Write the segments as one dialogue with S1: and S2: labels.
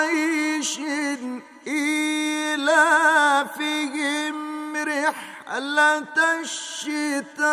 S1: عيش فيهم رحلة الشتاء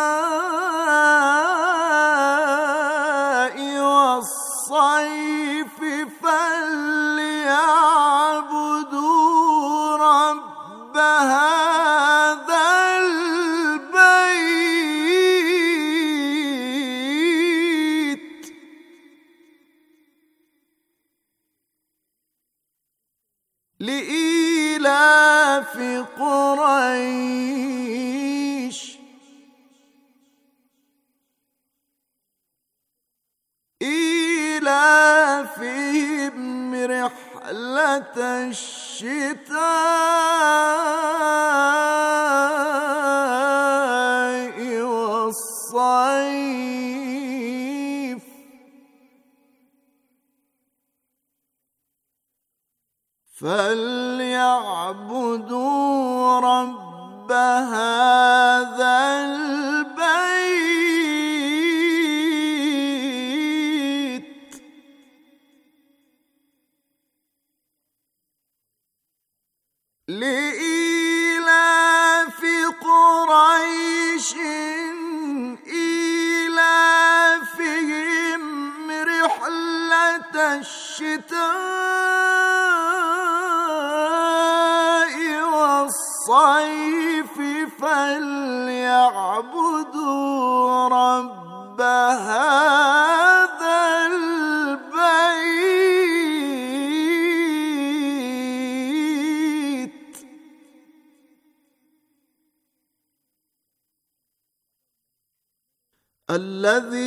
S1: خشيت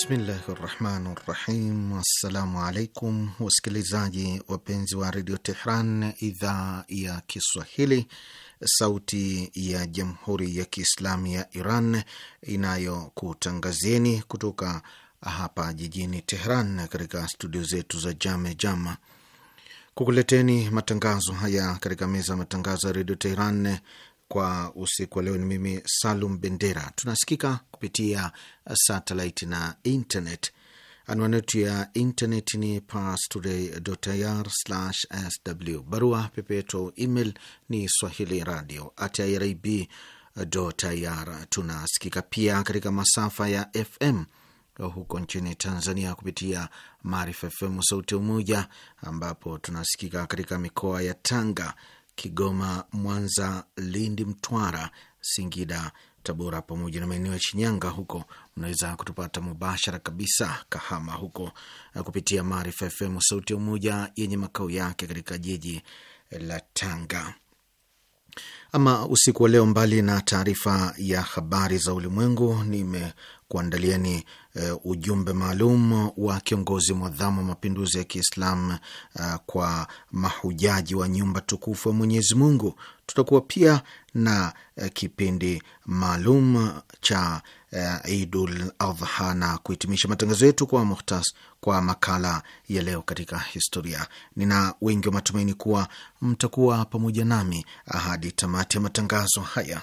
S2: Bismillahi rahmani rahim. Assalamu alaikum wasikilizaji wapenzi wa redio Tehran, idhaa ya Kiswahili, sauti ya jamhuri ya kiislamu ya Iran inayokutangazieni kutoka hapa jijini Tehran katika studio zetu za Jame Jama kukuleteni matangazo haya katika meza ya matangazo ya redio Tehran kwa usiku wa leo. Ni mimi Salum Bendera. Tunasikika kupitia satellite na internet. Anwani yetu ya internet ni parstoday.ir/sw. Barua pepe yetu email ni swahili radio at irib ir. Tunasikika pia katika masafa ya FM huko nchini Tanzania kupitia Maarifa FM sauti Umoja, ambapo tunasikika katika mikoa ya Tanga, Kigoma, Mwanza, Lindi, Mtwara, Singida, Tabora pamoja na maeneo ya Shinyanga. Huko mnaweza kutupata mubashara kabisa Kahama huko eh, kupitia Maarifa FM sauti ya Umoja yenye makao yake katika jiji la Tanga. Ama usiku wa leo, mbali na taarifa ya habari za ulimwengu, nime kuandalieni e, ujumbe maalum wa kiongozi mwadhamu wa mapinduzi ya e, kwa mahujaji wa nyumba tukufu ya Mwenyezi Mungu. Tutakuwa pia na e, kipindi maalum cha e, Idul Adha na kuhitimisha matangazo yetu kwa muhtas kwa makala ya leo katika historia. Nina wengi wa matumaini kuwa mtakuwa pamoja nami hadi tamati ya matangazo haya.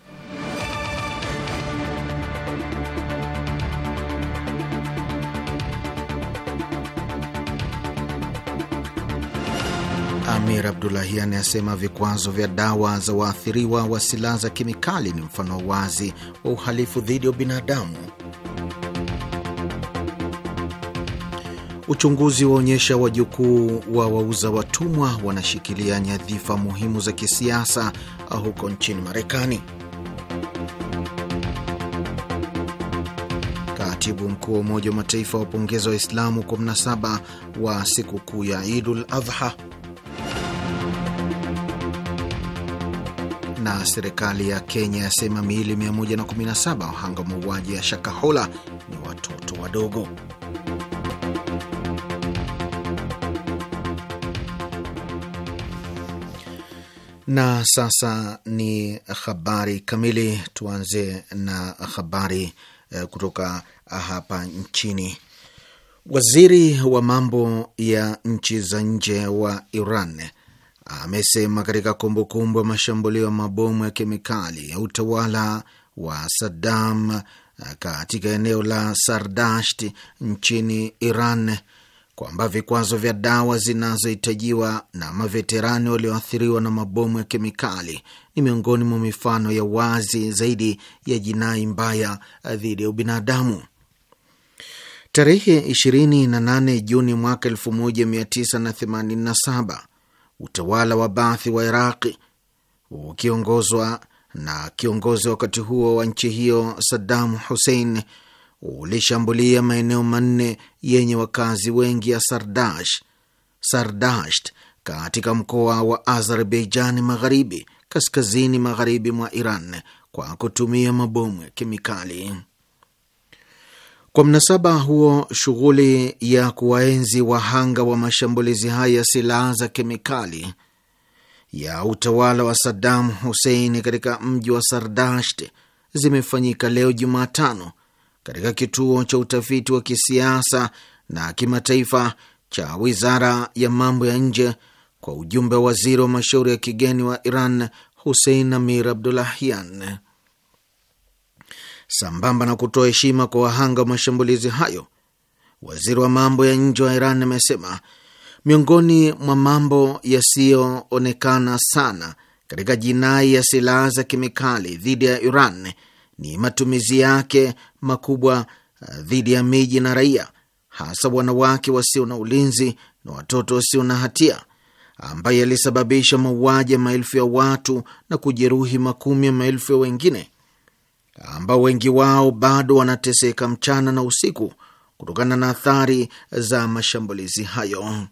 S2: Abdulahian asema vikwazo vya dawa za waathiriwa wa silaha za kemikali ni mfano wazi wa uhalifu dhidi ya binadamu. Uchunguzi waonyesha wajukuu wa wauza watumwa wanashikilia nyadhifa muhimu za kisiasa huko nchini Marekani. Katibu mkuu wa Umoja wa Mataifa wapongeza Waislamu kwa mnasaba wa sikukuu ya Idul Adha. serikali ya Kenya yasema miili 117 wahanga mauaji ya Shakahola ni watoto wadogo. Na sasa ni habari kamili. Tuanze na habari eh, kutoka hapa nchini. Waziri wa mambo ya nchi za nje wa Iran amesema katika kumbukumbu ya mashambulio ya mabomu ya kemikali ya utawala wa Saddam katika eneo la Sardasht nchini Iran kwamba vikwazo vya dawa zinazohitajiwa na maveterani walioathiriwa na mabomu ya kemikali ni miongoni mwa mifano ya wazi zaidi ya jinai mbaya dhidi ya ubinadamu. Tarehe 28 Juni mwaka utawala wa Baathi wa Iraqi ukiongozwa na kiongozi wakati huo wa nchi hiyo Saddam Hussein ulishambulia maeneo manne yenye wakazi wengi ya Sardash, Sardasht katika mkoa wa Azerbaijan Magharibi, kaskazini magharibi mwa Iran kwa kutumia mabomu ya kemikali. Kwa mnasaba huo, shughuli ya kuwaenzi wahanga wa mashambulizi haya ya silaha za kemikali ya utawala wa Saddam Hussein katika mji wa Sardasht zimefanyika leo Jumatano katika kituo cha utafiti wa kisiasa na kimataifa cha wizara ya mambo ya nje kwa ujumbe wa waziri wa mashauri ya kigeni wa Iran Hussein Amir Abdollahian sambamba na kutoa heshima kwa wahanga wa mashambulizi hayo. Waziri wa mambo ya nje wa Iran amesema miongoni mwa mambo yasiyoonekana sana katika jinai ya silaha za kemikali dhidi ya Iran ni matumizi yake makubwa uh, dhidi ya miji na raia, hasa wanawake wasio na ulinzi na watoto wasio na hatia, ambaye yalisababisha mauaji ya maelfu ya watu na kujeruhi makumi ya maelfu ya wengine ambao wengi wao bado wanateseka mchana na usiku kutokana na athari za mashambulizi hayo.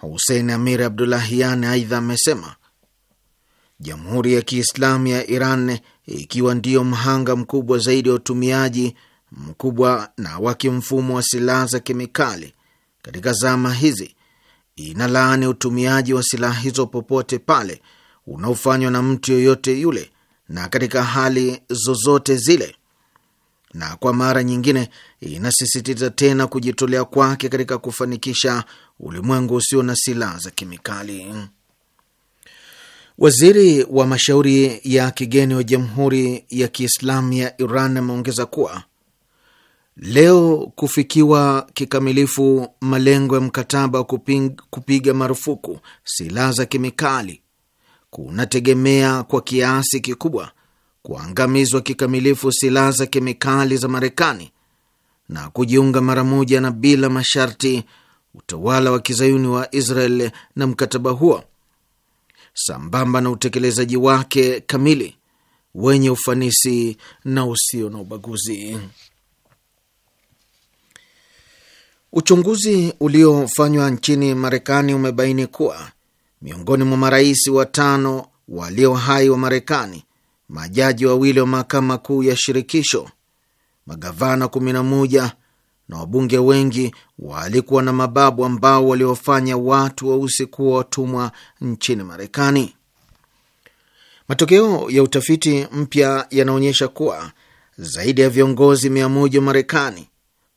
S2: Husein Amir Abdulahian aidha amesema Jamhuri ya Kiislamu ya Iran ikiwa ndiyo mhanga mkubwa zaidi wa utumiaji mkubwa na wa kimfumo wa silaha za kemikali katika zama hizi, inalaani utumiaji wa silaha hizo popote pale unaofanywa na mtu yoyote yule na katika hali zozote zile, na kwa mara nyingine inasisitiza tena kujitolea kwake katika kufanikisha ulimwengu usio na silaha za kemikali. Waziri wa mashauri ya kigeni wa Jamhuri ya Kiislamu ya Iran ameongeza kuwa leo kufikiwa kikamilifu malengo ya mkataba wa kupiga marufuku silaha za kemikali kunategemea kwa kiasi kikubwa kuangamizwa kikamilifu silaha za kemikali za Marekani na kujiunga mara moja na bila masharti utawala wa kizayuni wa Israel na mkataba huo, sambamba na utekelezaji wake kamili wenye ufanisi na usio na ubaguzi. Uchunguzi uliofanywa nchini Marekani umebaini kuwa miongoni mwa marais watano walio hai wa Marekani, majaji wawili wa mahakama kuu ya shirikisho, magavana 11 na wabunge wengi walikuwa na mababu ambao waliofanya watu weusi kuwa watumwa nchini Marekani. Matokeo ya utafiti mpya yanaonyesha kuwa zaidi ya viongozi mia moja wa Marekani,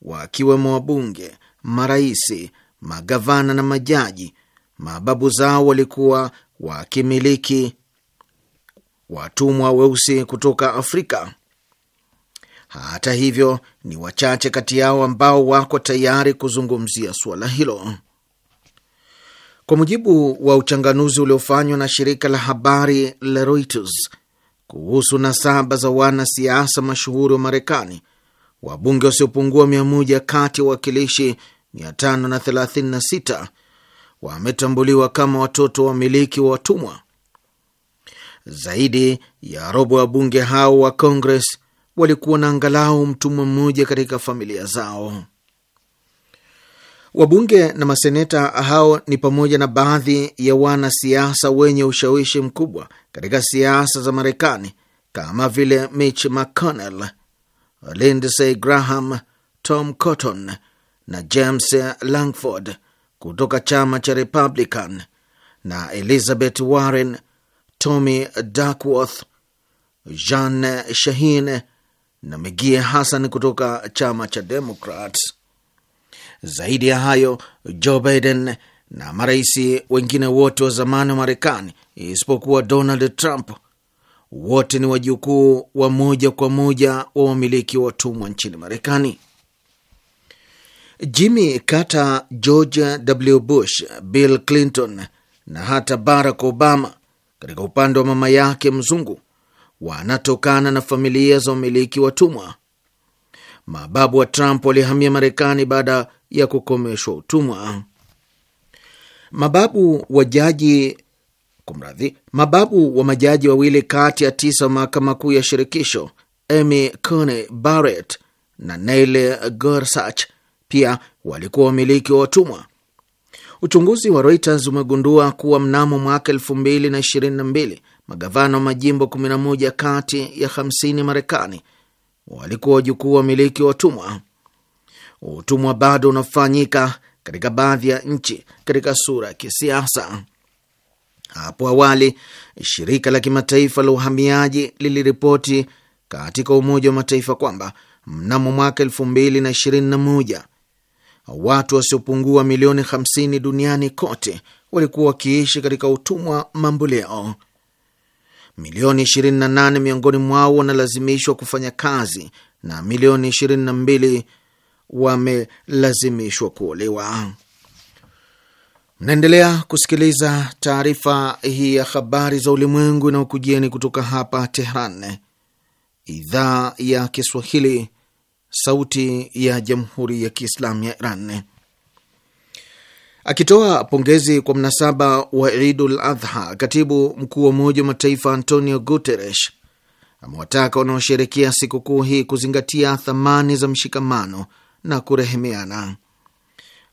S2: wakiwemo wabunge, maraisi, magavana na majaji mababu zao walikuwa wakimiliki watumwa weusi kutoka Afrika. Hata hivyo, ni wachache kati yao ambao wako tayari kuzungumzia suala hilo. Kwa mujibu wa uchanganuzi uliofanywa na shirika la habari la Reuters kuhusu nasaba za wanasiasa mashuhuri wa Marekani, wabunge wasiopungua mia moja kati ya wawakilishi 536 wametambuliwa kama watoto wamiliki wa watumwa. Zaidi ya robo wa bunge hao wa Congress walikuwa na angalau mtumwa mmoja katika familia zao. Wabunge na maseneta hao ni pamoja na baadhi ya wanasiasa wenye ushawishi mkubwa katika siasa za Marekani kama vile Mitch McConnell, Lindsey Graham, Tom Cotton na James Langford kutoka chama cha Republican na Elizabeth Warren, Tommy Duckworth, Jean Shaheen na Megie Hassan kutoka chama cha Democrats. Zaidi ya hayo, Joe Biden na marais wengine wote wa zamani wa Marekani isipokuwa Donald Trump wote ni wajukuu wa moja kwa moja wa wamiliki watumwa nchini Marekani. Jimmy Carter, George W. Bush, Bill Clinton na hata Barack Obama, katika upande wa mama yake mzungu, wanatokana na familia za umiliki watumwa. Mababu wa Trump walihamia Marekani baada ya kukomeshwa utumwa. Mababu wa jaji kumradhi, mababu wa majaji wawili kati ya tisa wa mahakama kuu ya shirikisho Amy Coney Barrett na Neil Gorsuch pia walikuwa wamiliki wa watumwa. Uchunguzi wa Reuters umegundua kuwa mnamo mwaka mbili magavana wa majimbo 11 kati ya 50 Marekani walikuwa wajukuu wa wamiliki wa watumwa. Utumwa bado unafanyika katika baadhi ya nchi katika sura ya kisiasa. Hapo awali shirika la kimataifa la uhamiaji liliripoti katika Umoja wa Mataifa kwamba mnamo mwaka 2021 watu wasiopungua milioni 50 duniani kote walikuwa wakiishi katika utumwa mamboleo. Milioni 28 miongoni mwao wanalazimishwa kufanya kazi na milioni 22 wamelazimishwa kuolewa. Mnaendelea kusikiliza taarifa hii ya habari za ulimwengu inayokujieni kutoka hapa Tehran, idhaa ya Kiswahili, Sauti ya Jamhuri ya Kiislamu ya Iran. Akitoa pongezi kwa mnasaba wa Idul Adha, katibu mkuu wa Umoja wa Mataifa Antonio Guterres amewataka wanaosherekea sikukuu hii kuzingatia thamani za mshikamano na kurehemeana.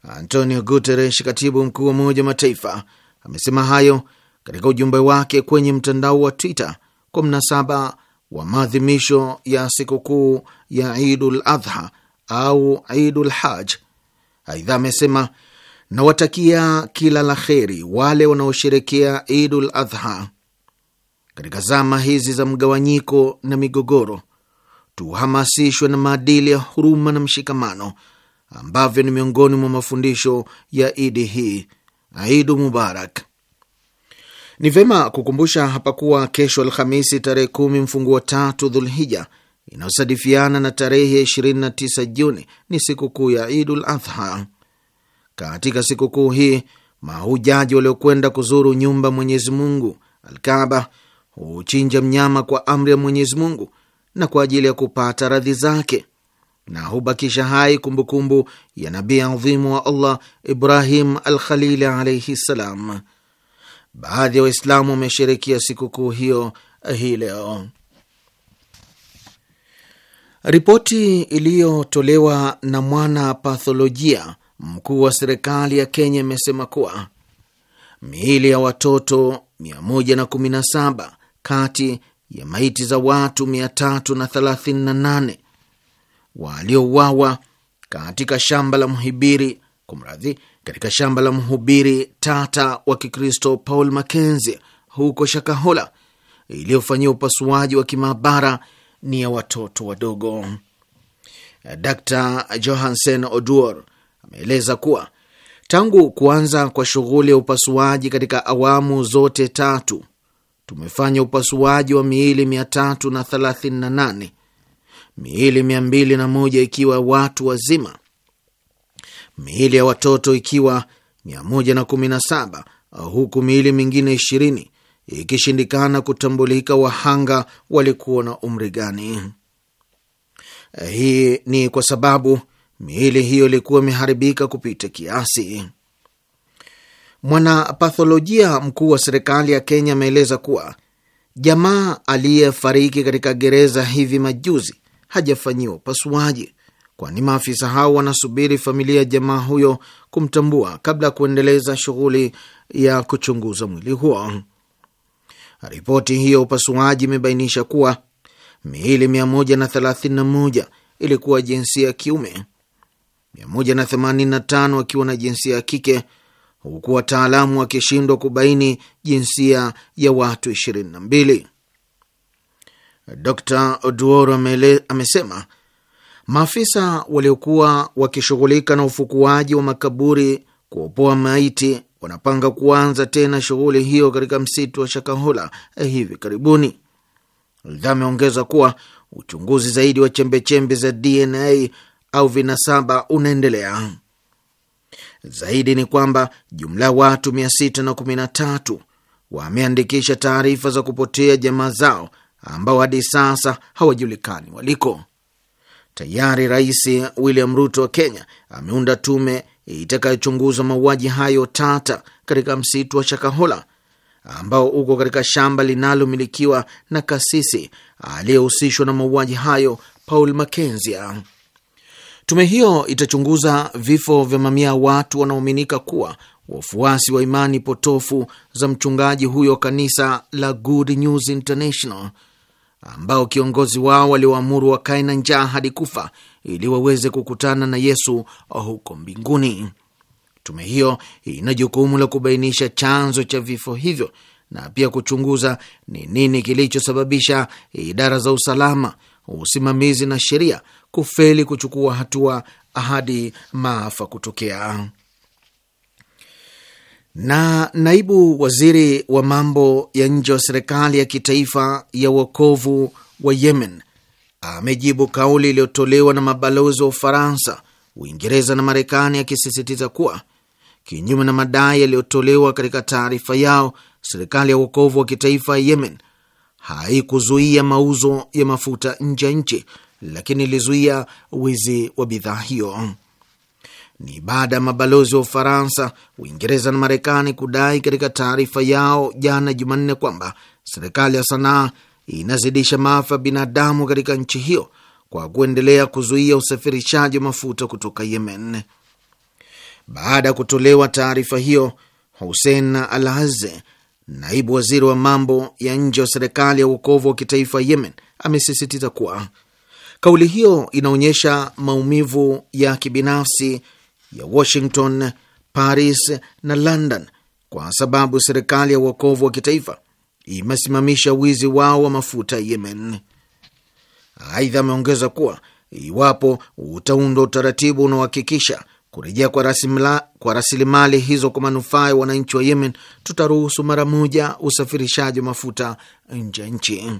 S2: Antonio Guterres, katibu mkuu wa Umoja wa Mataifa, amesema hayo katika ujumbe wake kwenye mtandao wa Twitter kwa mnasaba wa maadhimisho ya sikukuu ya Idul Adha au Idul Haj. Aidha amesema nawatakia kila la kheri wale wanaosherekea Idul Adha katika zama hizi za mgawanyiko na migogoro, tuhamasishwe na maadili ya huruma na mshikamano ambavyo ni miongoni mwa mafundisho ya idi hii. Idu Mubarak. Ni vema kukumbusha hapa kuwa kesho Alhamisi tarehe kumi wa tatu Dhulhija inayosadifiana na tarehe 29 Juni ni sikukuu ya Idul Adha. Katika sikukuu hii mahujaji waliokwenda kuzuru nyumba Mwenyezi Mungu Alkaba huchinja mnyama kwa amri ya Mwenyezi Mungu na kwa ajili ya kupata radhi zake na hubakisha hai kumbukumbu ya nabii adhimu wa Allah Ibrahim Alkhalili alaihi ssalam. Baadhi ya Waislamu wamesherekea sikukuu hiyo eh, hii leo. Ripoti iliyotolewa na mwana patholojia mkuu wa serikali ya Kenya imesema kuwa miili ya watoto 117 kati ya maiti za watu 338 waliouawa katika shamba la Mhibiri, kumradhi, katika shamba la mhubiri tata wa Kikristo Paul Mackenzie huko Shakahola iliyofanyia upasuaji wa kimaabara ni ya watoto wadogo. Dr Johansen Oduor ameeleza kuwa tangu kuanza kwa shughuli ya upasuaji katika awamu zote tatu, tumefanya upasuaji wa miili 338, miili 201 ikiwa watu wazima miili ya watoto ikiwa 117 huku miili mingine 20 ikishindikana kutambulika wahanga walikuwa na umri gani. Hii ni kwa sababu miili hiyo ilikuwa imeharibika kupita kiasi. Mwanapatholojia mkuu wa serikali ya Kenya ameeleza kuwa jamaa aliyefariki katika gereza hivi majuzi hajafanyiwa upasuaji kwani maafisa hao wanasubiri familia ya jamaa huyo kumtambua kabla ya kuendeleza shughuli ya kuchunguza mwili huo. Ripoti hiyo ya upasuaji imebainisha kuwa miili 131 ilikuwa jinsia ya kiume, 185 akiwa na jinsia ya kike, huku wataalamu wakishindwa kubaini jinsia ya watu 22. Dr Oduoro amesema Maafisa waliokuwa wakishughulika na ufukuaji wa makaburi kuopoa maiti wanapanga kuanza tena shughuli hiyo katika msitu wa Shakahola eh, hivi karibuni. Aldha ameongeza kuwa uchunguzi zaidi wa chembechembe za DNA au vinasaba unaendelea. Zaidi ni kwamba jumla ya watu 613 wameandikisha taarifa za kupotea jamaa zao ambao hadi sasa hawajulikani waliko. Tayari Rais William Ruto wa Kenya ameunda tume itakayochunguza mauaji hayo tata katika msitu wa Shakahola ambao uko katika shamba linalomilikiwa na kasisi aliyehusishwa na mauaji hayo Paul Makenzia. Tume hiyo itachunguza vifo vya mamia ya watu wanaoaminika kuwa wafuasi wa imani potofu za mchungaji huyo wa kanisa la Good News International ambao kiongozi wao waliwaamuru wakae na njaa hadi kufa ili waweze kukutana na Yesu huko mbinguni. Tume hiyo ina jukumu la kubainisha chanzo cha vifo hivyo na pia kuchunguza ni nini kilichosababisha idara za usalama, usimamizi na sheria kufeli kuchukua hatua hadi maafa kutokea. Na naibu waziri wa mambo ya nje wa serikali ya kitaifa ya uokovu wa Yemen amejibu kauli iliyotolewa na mabalozi wa Ufaransa, Uingereza na Marekani, akisisitiza kuwa kinyume na madai yaliyotolewa katika taarifa yao, serikali ya uokovu wa kitaifa ya Yemen haikuzuia mauzo ya mafuta nje ya nchi, lakini ilizuia wizi wa bidhaa hiyo ni baada ya mabalozi wa Ufaransa, Uingereza na Marekani kudai katika taarifa yao jana Jumanne kwamba serikali ya Sanaa inazidisha maafa ya binadamu katika nchi hiyo kwa kuendelea kuzuia usafirishaji wa mafuta kutoka Yemen. Baada ya kutolewa taarifa hiyo, Hussein Al naibu waziri wa mambo ya nje wa serikali ya uokovu wa kitaifa Yemen, amesisitiza kuwa kauli hiyo inaonyesha maumivu ya kibinafsi ya Washington, Paris na London kwa sababu serikali ya uokovu wa kitaifa imesimamisha wizi wao wa mafuta Yemen. Aidha, ameongeza kuwa iwapo utaundwa utaratibu unaohakikisha kurejea kwa rasilimali hizo kwa manufaa ya wananchi wa Yemen, tutaruhusu mara moja usafirishaji wa mafuta nje ya nchi.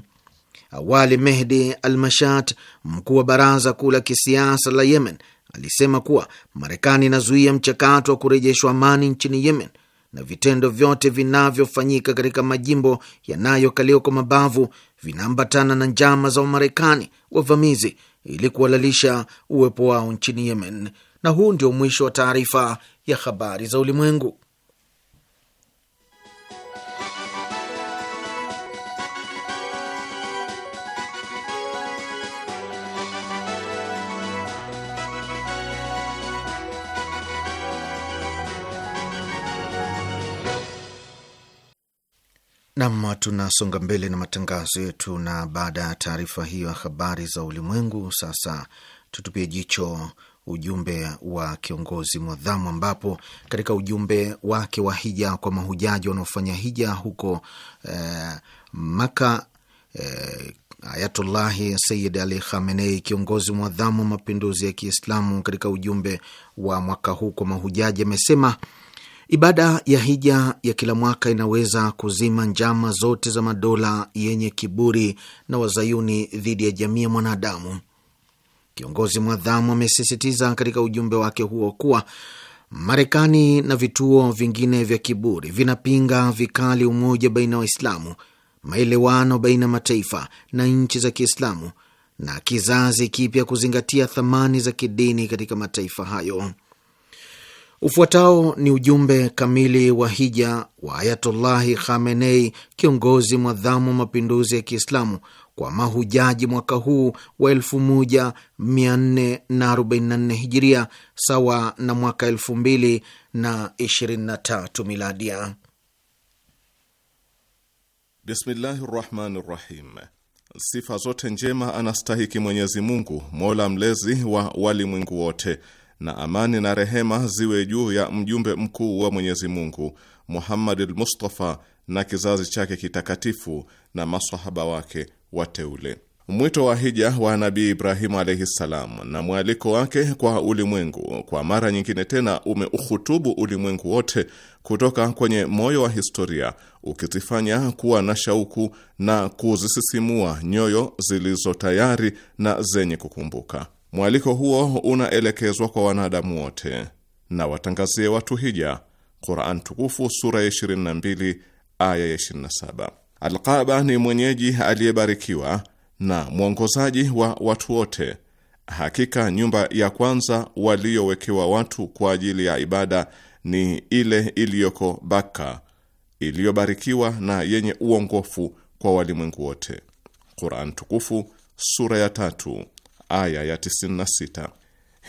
S2: Awali Mehdi Al Mashat, mkuu wa baraza kuu la kisiasa la Yemen, alisema kuwa Marekani inazuia mchakato wa kurejeshwa amani nchini Yemen na vitendo vyote vinavyofanyika katika majimbo yanayokaliwa kwa mabavu vinaambatana na njama za Wamarekani wavamizi ili kuhalalisha uwepo wao nchini Yemen. Na huu ndio mwisho wa taarifa ya habari za ulimwengu. Nam, tunasonga mbele na matangazo yetu, na baada ya taarifa hiyo ya habari za ulimwengu, sasa tutupie jicho ujumbe wa kiongozi mwadhamu, ambapo katika ujumbe wake wa hija kwa mahujaji wanaofanya hija huko eh, Maka eh, Ayatullahi Sayid Ali Khamenei, kiongozi mwadhamu wa mapinduzi ya Kiislamu, katika ujumbe wa mwaka huu kwa mahujaji amesema Ibada ya hija ya kila mwaka inaweza kuzima njama zote za madola yenye kiburi na wazayuni dhidi ya jamii ya mwanadamu. Kiongozi mwadhamu amesisitiza katika ujumbe wake huo kuwa Marekani na vituo vingine vya kiburi vinapinga vikali umoja baina ya Waislamu, maelewano baina ya mataifa na nchi za Kiislamu na kizazi kipya kuzingatia thamani za kidini katika mataifa hayo. Ufuatao ni ujumbe kamili wa hija wa Ayatullahi Khamenei, kiongozi mwadhamu wa mapinduzi ya Kiislamu kwa mahujaji mwaka huu wa 1444 hijiria sawa na mwaka 2023 miladia.
S3: Bismillahi rahmani rahim. Sifa zote njema anastahiki Mwenyezi Mungu, mola mlezi wa walimwengu wote na amani na rehema ziwe juu ya mjumbe mkuu wa Mwenyezi Mungu al Mustafa na kizazi chake kitakatifu na masahaba wake wateule. Mwito wa hija wa Nabii Ibrahimu alaihi ssalam na mwaliko wake kwa ulimwengu kwa mara nyingine tena umeuhutubu ulimwengu wote kutoka kwenye moyo wa historia, ukizifanya kuwa na shauku na kuzisisimua nyoyo zilizo tayari na zenye kukumbuka. Mwaliko huo unaelekezwa kwa wanadamu wote, na watangazie watu hija. Quran tukufu sura ya 22 aya ya 27. Alqaba ni mwenyeji aliyebarikiwa na mwongozaji wa watu wote. Hakika nyumba ya kwanza waliyowekewa watu kwa ajili ya ibada ni ile iliyoko Baka, iliyobarikiwa na yenye uongofu kwa walimwengu wote. Quran tukufu sura ya tatu aya ya 96.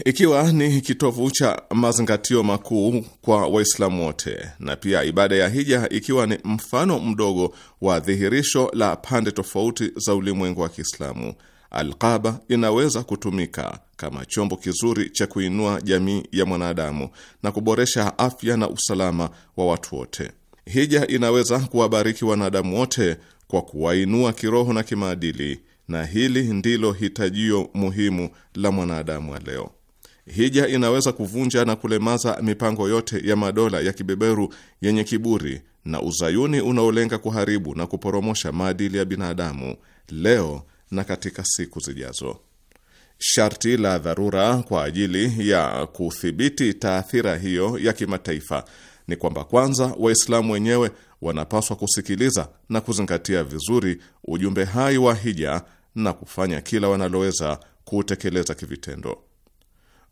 S3: Ikiwa ni kitovu cha mazingatio makuu kwa Waislamu wote na pia ibada ya hija ikiwa ni mfano mdogo wa dhihirisho la pande tofauti za ulimwengu wa Kiislamu, Alqaba inaweza kutumika kama chombo kizuri cha kuinua jamii ya mwanadamu na kuboresha afya na usalama wa watu wote. Hija inaweza kuwabariki wanadamu wote kwa kuwainua kiroho na kimaadili na hili ndilo hitajio muhimu la mwanadamu wa leo. Hija inaweza kuvunja na kulemaza mipango yote ya madola ya kibeberu yenye kiburi na uzayuni unaolenga kuharibu na kuporomosha maadili ya binadamu leo na katika siku zijazo. Sharti la dharura kwa ajili ya kuthibiti taathira hiyo ya kimataifa ni kwamba kwanza Waislamu wenyewe wanapaswa kusikiliza na kuzingatia vizuri ujumbe hai wa hija na kufanya kila wanaloweza kuutekeleza kivitendo.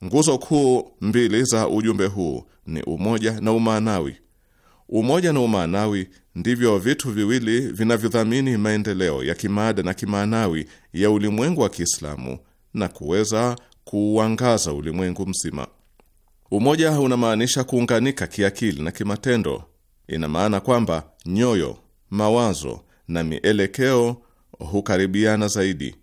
S3: Nguzo kuu mbili za ujumbe huu ni umoja na umaanawi. Umoja na umaanawi ndivyo vitu viwili vinavyodhamini maendeleo ya kimaada na kimaanawi ya ulimwengu wa Kiislamu na kuweza kuuangaza ulimwengu mzima. Umoja unamaanisha kuunganika kiakili na kimatendo ina maana kwamba nyoyo, mawazo na mielekeo hukaribiana zaidi.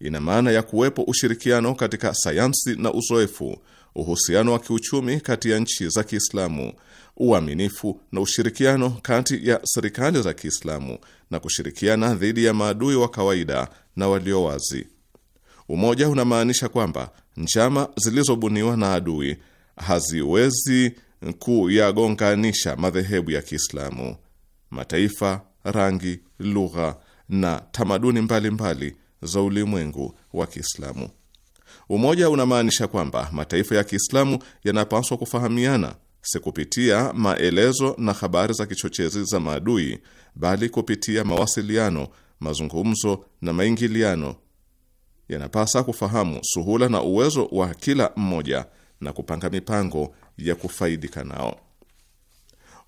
S3: Ina maana ya kuwepo ushirikiano katika sayansi na uzoefu, uhusiano wa kiuchumi kati ya nchi za Kiislamu, uaminifu na ushirikiano kati ya serikali za Kiislamu na kushirikiana dhidi ya maadui wa kawaida na walio wazi. Umoja unamaanisha kwamba njama zilizobuniwa na adui haziwezi kuyagonganisha madhehebu ya Kiislamu, mataifa, rangi, lugha na tamaduni mbalimbali mbali za ulimwengu wa Kiislamu. Umoja unamaanisha kwamba mataifa ya Kiislamu yanapaswa kufahamiana si kupitia maelezo na habari za kichochezi za maadui, bali kupitia mawasiliano, mazungumzo na maingiliano. Yanapasa kufahamu suhula na uwezo wa kila mmoja na kupanga mipango ya kufaidika nao.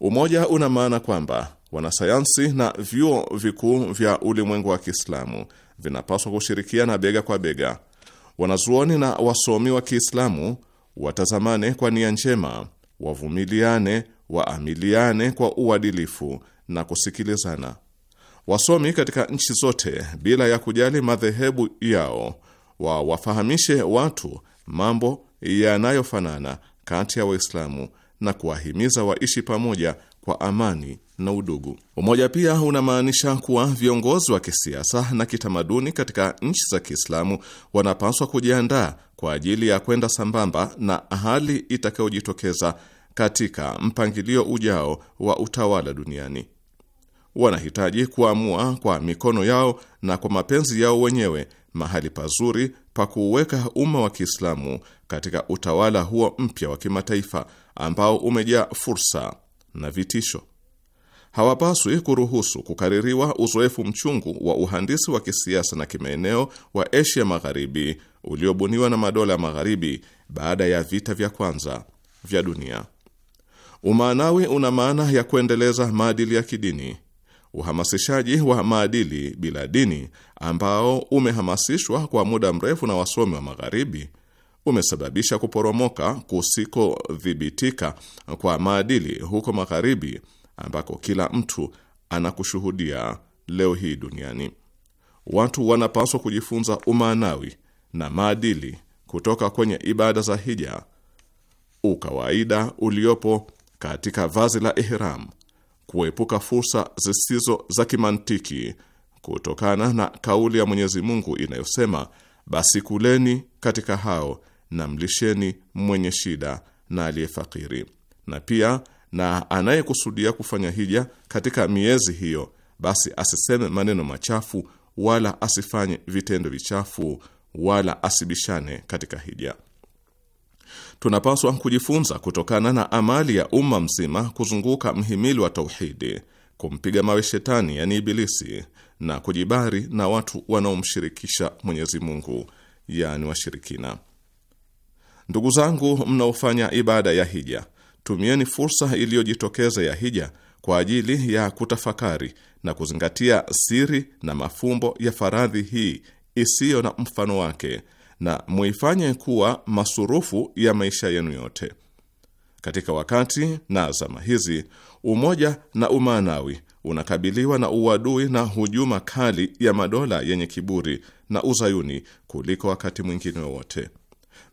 S3: Umoja una maana kwamba wanasayansi na vyuo vikuu vya ulimwengu wa Kiislamu vinapaswa kushirikiana bega kwa bega. Wanazuoni na wasomi wa Kiislamu watazamane kwa nia njema, wavumiliane, waamiliane kwa uadilifu na kusikilizana. Wasomi katika nchi zote, bila ya kujali madhehebu yao, wawafahamishe watu mambo yanayofanana kati ya Waislamu na kuwahimiza waishi pamoja kwa amani na udugu. Umoja pia unamaanisha kuwa viongozi wa kisiasa na kitamaduni katika nchi za Kiislamu wanapaswa kujiandaa kwa ajili ya kwenda sambamba na hali itakayojitokeza katika mpangilio ujao wa utawala duniani. Wanahitaji kuamua kwa mikono yao na kwa mapenzi yao wenyewe mahali pazuri pa kuuweka umma wa Kiislamu katika utawala huo mpya wa kimataifa ambao umejaa fursa na vitisho. Hawapaswi kuruhusu kukaririwa uzoefu mchungu wa uhandisi wa kisiasa na kimaeneo wa Asia Magharibi uliobuniwa na madola magharibi baada ya vita vya kwanza vya dunia. Umaanawi una maana ya kuendeleza maadili ya kidini, uhamasishaji wa maadili bila dini ambao umehamasishwa kwa muda mrefu na wasomi wa magharibi umesababisha kuporomoka kusikodhibitika kwa maadili huko Magharibi, ambako kila mtu anakushuhudia leo hii duniani. Watu wanapaswa kujifunza umaanawi na maadili kutoka kwenye ibada za hija, ukawaida uliopo katika vazi la ihram, kuepuka fursa zisizo za kimantiki kutokana na kauli ya Mwenyezi Mungu inayosema, basi kuleni katika hao na mlisheni mwenye shida na aliye na pia na anayekusudia kufanya hija katika miezi hiyo, basi asiseme maneno machafu wala asifanye vitendo vichafu wala asibishane katika hija. Tunapaswa kujifunza kutokana na amali ya umma mzima kuzunguka mhimili wa tauhidi, kumpiga mawe shetani, yani Ibilisi, na kujibari na watu wanaomshirikisha Mwenyezi Mungu, yani washirikina. Ndugu zangu mnaofanya ibada ya hija, tumieni fursa iliyojitokeza ya hija kwa ajili ya kutafakari na kuzingatia siri na mafumbo ya faradhi hii isiyo na mfano wake, na muifanye kuwa masurufu ya maisha yenu yote. Katika wakati na zama hizi, umoja na umaanawi unakabiliwa na uadui na hujuma kali ya madola yenye kiburi na uzayuni kuliko wakati mwingine wowote.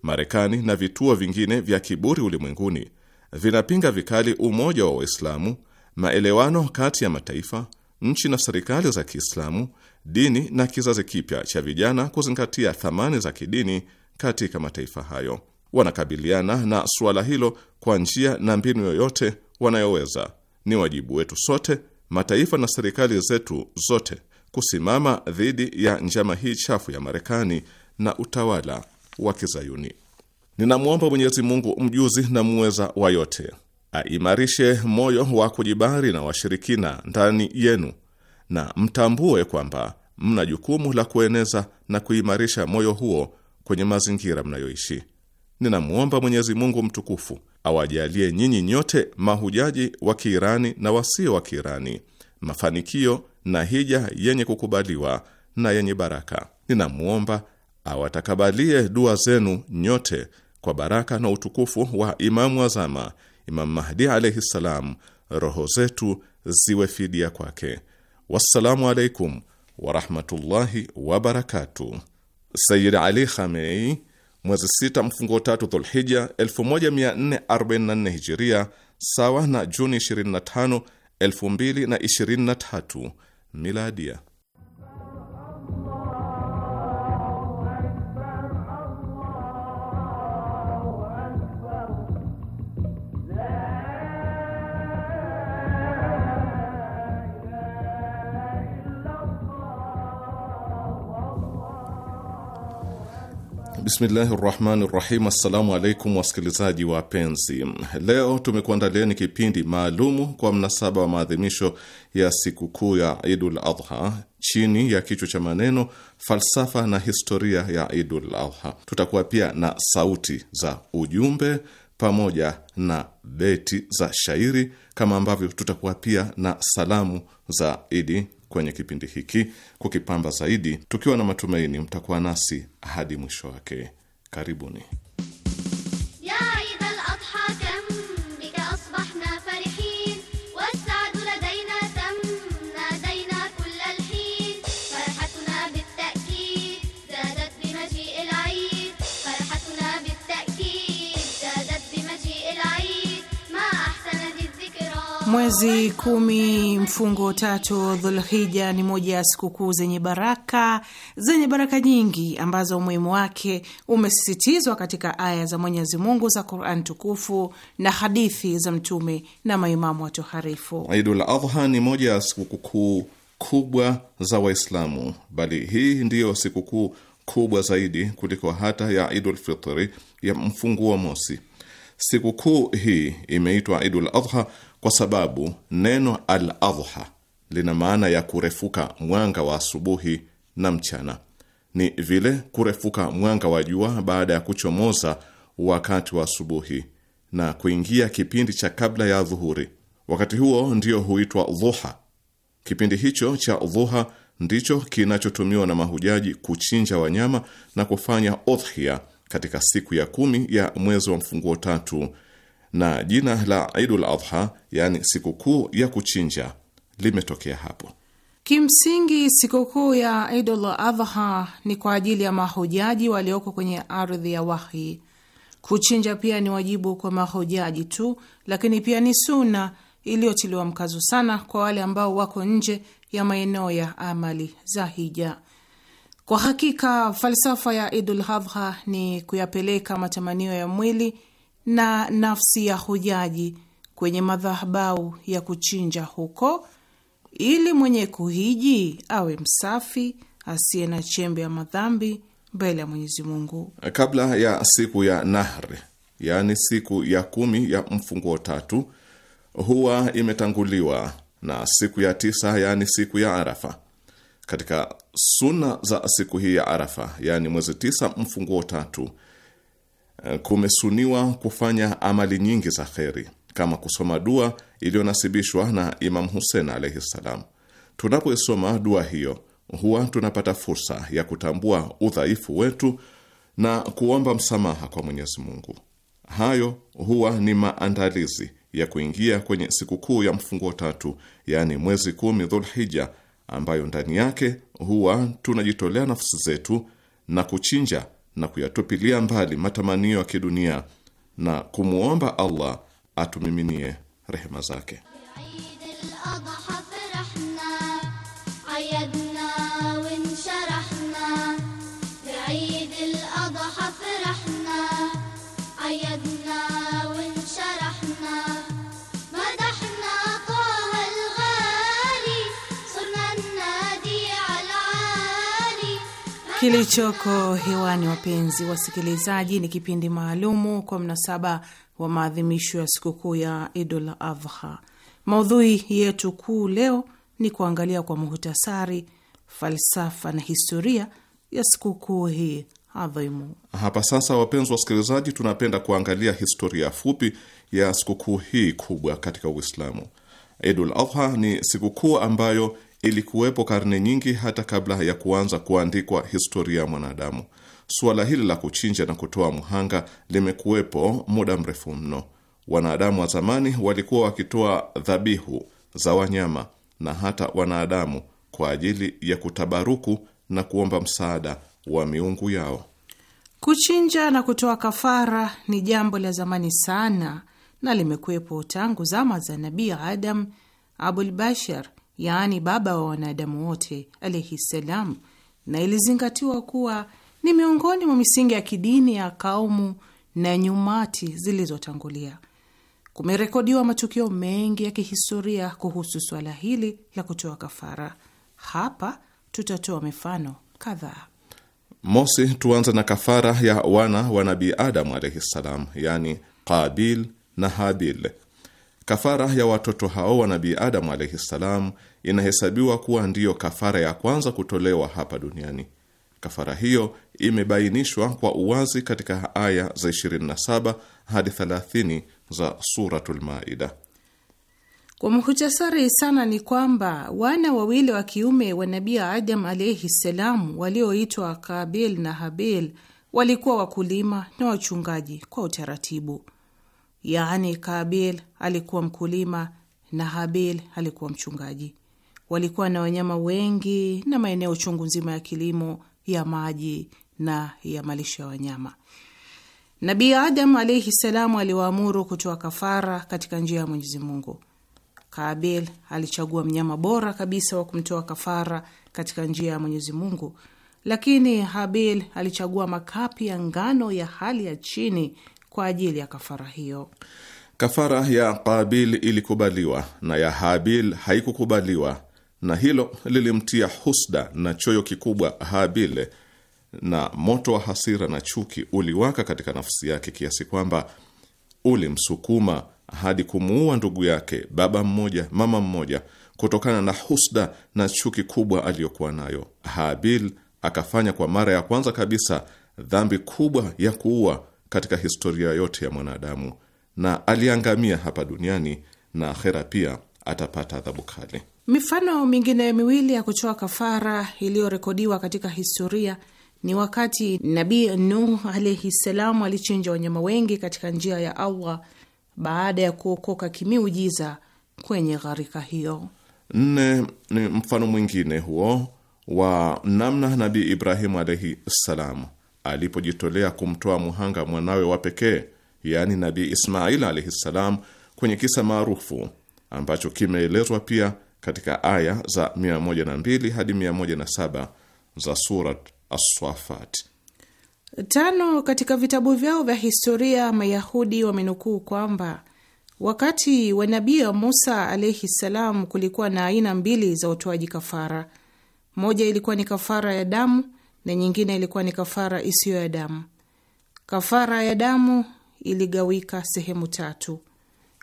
S3: Marekani na vituo vingine vya kiburi ulimwenguni vinapinga vikali umoja wa Waislamu, maelewano kati ya mataifa, nchi na serikali za Kiislamu, dini na kizazi kipya cha vijana kuzingatia thamani za kidini katika mataifa hayo. Wanakabiliana na suala hilo kwa njia na mbinu yoyote wanayoweza. Ni wajibu wetu sote, mataifa na serikali zetu zote, kusimama dhidi ya njama hii chafu ya Marekani na utawala wa Kizayuni. Ninamwomba Mwenyezi Mungu mjuzi na muweza wa yote aimarishe moyo wa kujibari na washirikina ndani yenu, na mtambue kwamba mna jukumu la kueneza na kuimarisha moyo huo kwenye mazingira mnayoishi. Ninamwomba Mwenyezi Mungu mtukufu awajalie nyinyi nyote mahujaji wa Kiirani na wasio wa Kiirani mafanikio na hija yenye kukubaliwa na yenye baraka. Ninamwomba awatakabalie dua zenu nyote kwa baraka na utukufu wa Imamu Azama, Imamu Mahdi alaihi ssalam, roho zetu ziwe fidia kwake. Wassalamu alaikum warahmatullahi wabarakatu. Sayyid Ali Khamenei, mwezi sita mfungo tatu Dhulhija 1444 Hijiria, sawa na Juni 25, 2023 Miladia. Bismillahi rahmani rahim. Assalamu alaikum wasikilizaji wapenzi, leo tumekuandalieni kipindi maalumu kwa mnasaba wa maadhimisho ya sikukuu ya Idul Adha chini ya kichwa cha maneno falsafa na historia ya Idul Adha. Tutakuwa pia na sauti za ujumbe pamoja na beti za shairi, kama ambavyo tutakuwa pia na salamu za Idi kwenye kipindi hiki kukipamba zaidi, tukiwa na matumaini mtakuwa nasi hadi mwisho wake. Karibuni.
S4: Mwezi
S5: kumi mfungo tatu Dhulhija ni moja ya sikukuu zenye baraka zenye baraka nyingi ambazo umuhimu wake umesisitizwa katika aya za Mwenyezi Mungu za Quran tukufu na hadithi za Mtume na maimamu watoharifu.
S3: Idul Adha ni moja ya sikukuu kubwa za Waislamu, bali hii ndiyo sikukuu kubwa zaidi kuliko hata ya Idul Fitri ya mfunguo mosi. Sikukuu hii imeitwa Idul Adha kwa sababu neno al-adha lina maana ya kurefuka mwanga wa asubuhi na mchana. Ni vile kurefuka mwanga wa jua baada ya kuchomoza wakati wa asubuhi na kuingia kipindi cha kabla ya dhuhuri. Wakati huo ndio huitwa dhuha. Kipindi hicho cha dhuha ndicho kinachotumiwa na mahujaji kuchinja wanyama na kufanya udhhiya katika siku ya kumi ya mwezi wa mfunguo tatu na jina la Idul Adha, yani sikukuu ya kuchinja, limetokea hapo.
S5: Kimsingi, sikukuu ya Idul Adha ni kwa ajili ya mahujaji walioko kwenye ardhi ya wahi. Kuchinja pia ni wajibu kwa mahujaji tu, lakini pia ni suna iliyotiliwa mkazo sana kwa wale ambao wako nje ya maeneo ya amali za hija. Kwa hakika falsafa ya Idul Adha ni kuyapeleka matamanio ya mwili na nafsi ya hujaji kwenye madhahabu ya kuchinja huko, ili mwenye kuhiji awe msafi asiye na chembe ya madhambi mbele ya Mwenyezi Mungu
S3: kabla ya siku ya Nahri, yaani siku ya kumi ya mfunguo tatu huwa imetanguliwa na siku ya tisa, yaani siku ya Arafa. Katika suna za siku hii ya Arafa, yaani mwezi tisa mfunguo tatu Eh, kumesuniwa kufanya amali nyingi za kheri kama kusoma dua iliyonasibishwa na Imam Husen alaihi ssalam. Tunapoisoma dua hiyo, huwa tunapata fursa ya kutambua udhaifu wetu na kuomba msamaha kwa Mwenyezi Mungu. Hayo huwa ni maandalizi ya kuingia kwenye sikukuu ya mfungo tatu, yaani mwezi kumi Dhulhija, ambayo ndani yake huwa tunajitolea nafsi zetu na kuchinja na kuyatupilia mbali matamanio ya kidunia na kumwomba Allah atumiminie rehema zake.
S5: Kilichoko hewani, wapenzi wasikilizaji, ni kipindi maalumu kwa mnasaba wa maadhimisho ya sikukuu ya Idul Adha. Maudhui yetu kuu leo ni kuangalia kwa muhtasari falsafa na historia ya sikukuu hii adhimu.
S3: Hapa sasa, wapenzi wasikilizaji, tunapenda kuangalia historia fupi ya sikukuu hii kubwa katika Uislamu. Idul Adha ni sikukuu ambayo ilikuwepo karne nyingi hata kabla ya kuanza kuandikwa historia ya mwanadamu. Suala hili la kuchinja na kutoa mhanga limekuwepo muda mrefu mno. Wanadamu wa zamani walikuwa wakitoa dhabihu za wanyama na hata wanadamu kwa ajili ya kutabaruku na kuomba msaada wa miungu yao.
S5: Kuchinja na kutoa kafara ni jambo la zamani sana na limekuwepo tangu zama za Nabii Adam Abulbashar yaani baba wa wanadamu wote alaihi ssalam, na ilizingatiwa kuwa ni miongoni mwa misingi ya kidini ya kaumu na nyumati zilizotangulia. Kumerekodiwa matukio mengi ya kihistoria kuhusu suala hili la kutoa kafara. Hapa tutatoa mifano kadhaa.
S3: Mosi, tuanze na kafara ya wana wa Nabii Adamu alaihi ssalam, yani Qabil na Habil Kafara ya watoto hao wa Nabii Adamu alaihi ssalam inahesabiwa kuwa ndiyo kafara ya kwanza kutolewa hapa duniani. Kafara hiyo imebainishwa kwa uwazi katika aya za 27 hadi 30 za Suratul Maida.
S5: Kwa muhtasari sana ni kwamba wana wawili wa kiume wa Nabii Adam alaihi ssalam walioitwa Kabil na Habil walikuwa wakulima na wachungaji kwa utaratibu yaani Kabil alikuwa mkulima na Habil alikuwa mchungaji. Walikuwa na wanyama wengi na maeneo chungu nzima ya kilimo, ya maji na ya malisho ya wanyama. Nabii Adam alaihi salamu aliwaamuru kutoa kafara katika njia ya Mwenyezi Mungu. Kabil alichagua mnyama bora kabisa wa kumtoa kafara katika njia ya Mwenyezi Mungu, lakini Habil alichagua makapi ya ngano ya hali ya chini kwa ajili ya kafara hiyo.
S3: Kafara ya Qabil ilikubaliwa na ya Habil haikukubaliwa, na hilo lilimtia husda na choyo kikubwa Habil, na moto wa hasira na chuki uliwaka katika nafsi yake kiasi kwamba ulimsukuma hadi kumuua ndugu yake, baba mmoja mama mmoja, kutokana na husda na chuki kubwa aliyokuwa nayo. Habil akafanya kwa mara ya kwanza kabisa dhambi kubwa ya kuua katika historia yote ya mwanadamu, na aliangamia hapa duniani na akhera pia atapata adhabu kali.
S5: Mifano mingine miwili ya kutoa kafara iliyorekodiwa katika historia ni wakati Nabii Nuh alaihi ssalam alichinja wanyama wengi katika njia ya Allah baada ya kuokoka kimiujiza kwenye gharika hiyo.
S3: Nne ni mfano mwingine huo wa namna Nabii Ibrahimu alaihi ssalam alipojitolea kumtoa muhanga mwanawe wa pekee, yaani Nabii Ismail alaihi ssalam, kwenye kisa maarufu ambacho kimeelezwa pia katika aya za 102 hadi 107 za Surat Aswafat.
S5: Tano, katika vitabu vyao vya historia Mayahudi wamenukuu kwamba wakati wa nabii wa Musa alaihi ssalam kulikuwa na aina mbili za utoaji kafara. Moja ilikuwa ni kafara ya damu na nyingine ilikuwa ni kafara isiyo ya damu. Kafara ya damu iligawika sehemu tatu: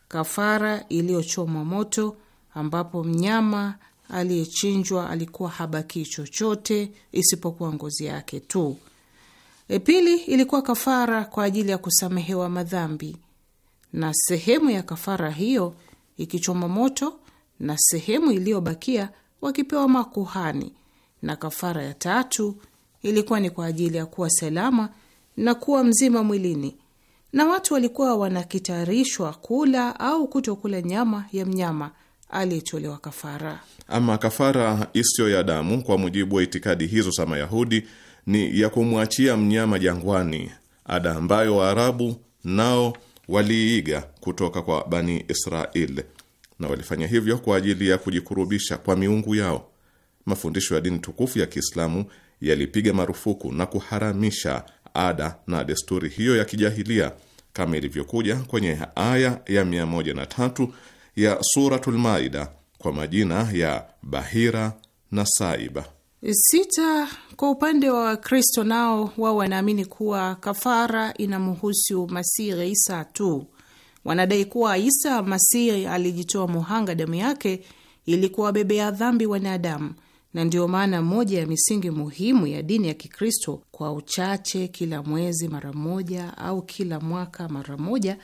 S5: kafara iliyochomwa moto, ambapo mnyama aliyechinjwa alikuwa habaki chochote isipokuwa ngozi yake tu. E, pili ilikuwa kafara kwa ajili ya kusamehewa madhambi, na sehemu ya kafara hiyo ikichoma moto na sehemu iliyobakia wakipewa makuhani, na kafara ya tatu ilikuwa ni kwa ajili ya kuwa salama na kuwa mzima mwilini, na watu walikuwa wanakitarishwa kula au kutokula nyama ya mnyama aliyetolewa kafara.
S3: Ama kafara isiyo ya damu, kwa mujibu wa itikadi hizo za Mayahudi, ni ya kumwachia mnyama jangwani, ada ambayo Waarabu nao waliiiga kutoka kwa Bani israel na walifanya hivyo kwa ajili ya kujikurubisha kwa miungu yao. Mafundisho ya dini tukufu ya Kiislamu yalipiga marufuku na kuharamisha ada na desturi hiyo ya kijahilia kama ilivyokuja kwenye aya ya 103 ya Suratul Maida kwa majina ya Bahira na Saiba.
S5: Sita, kwa upande wa Wakristo nao wao wanaamini kuwa kafara inamhusu Masihi Isa tu. Wanadai kuwa Isa Masihi alijitoa muhanga damu yake ili kuwabebea dhambi wanadamu na ndiyo maana moja ya misingi muhimu ya dini ya Kikristo, kwa uchache kila mwezi mara moja au kila mwaka mara moja,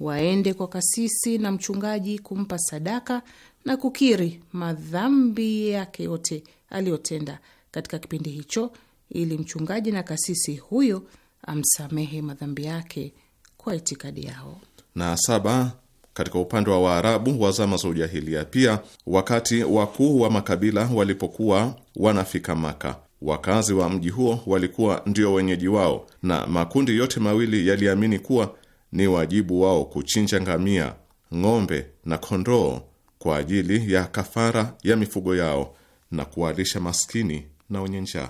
S5: waende kwa kasisi na mchungaji kumpa sadaka na kukiri madhambi yake yote aliyotenda katika kipindi hicho, ili mchungaji na kasisi huyo amsamehe madhambi yake kwa itikadi yao.
S3: Na saba katika upande wa Waarabu wa zama za ujahilia pia, wakati wakuu wa makabila walipokuwa wanafika Maka, wakazi wa mji huo walikuwa ndio wenyeji wao, na makundi yote mawili yaliamini kuwa ni wajibu wao kuchinja ngamia, ng'ombe na kondoo kwa ajili ya kafara ya mifugo yao na kuwalisha maskini na wenye njaa.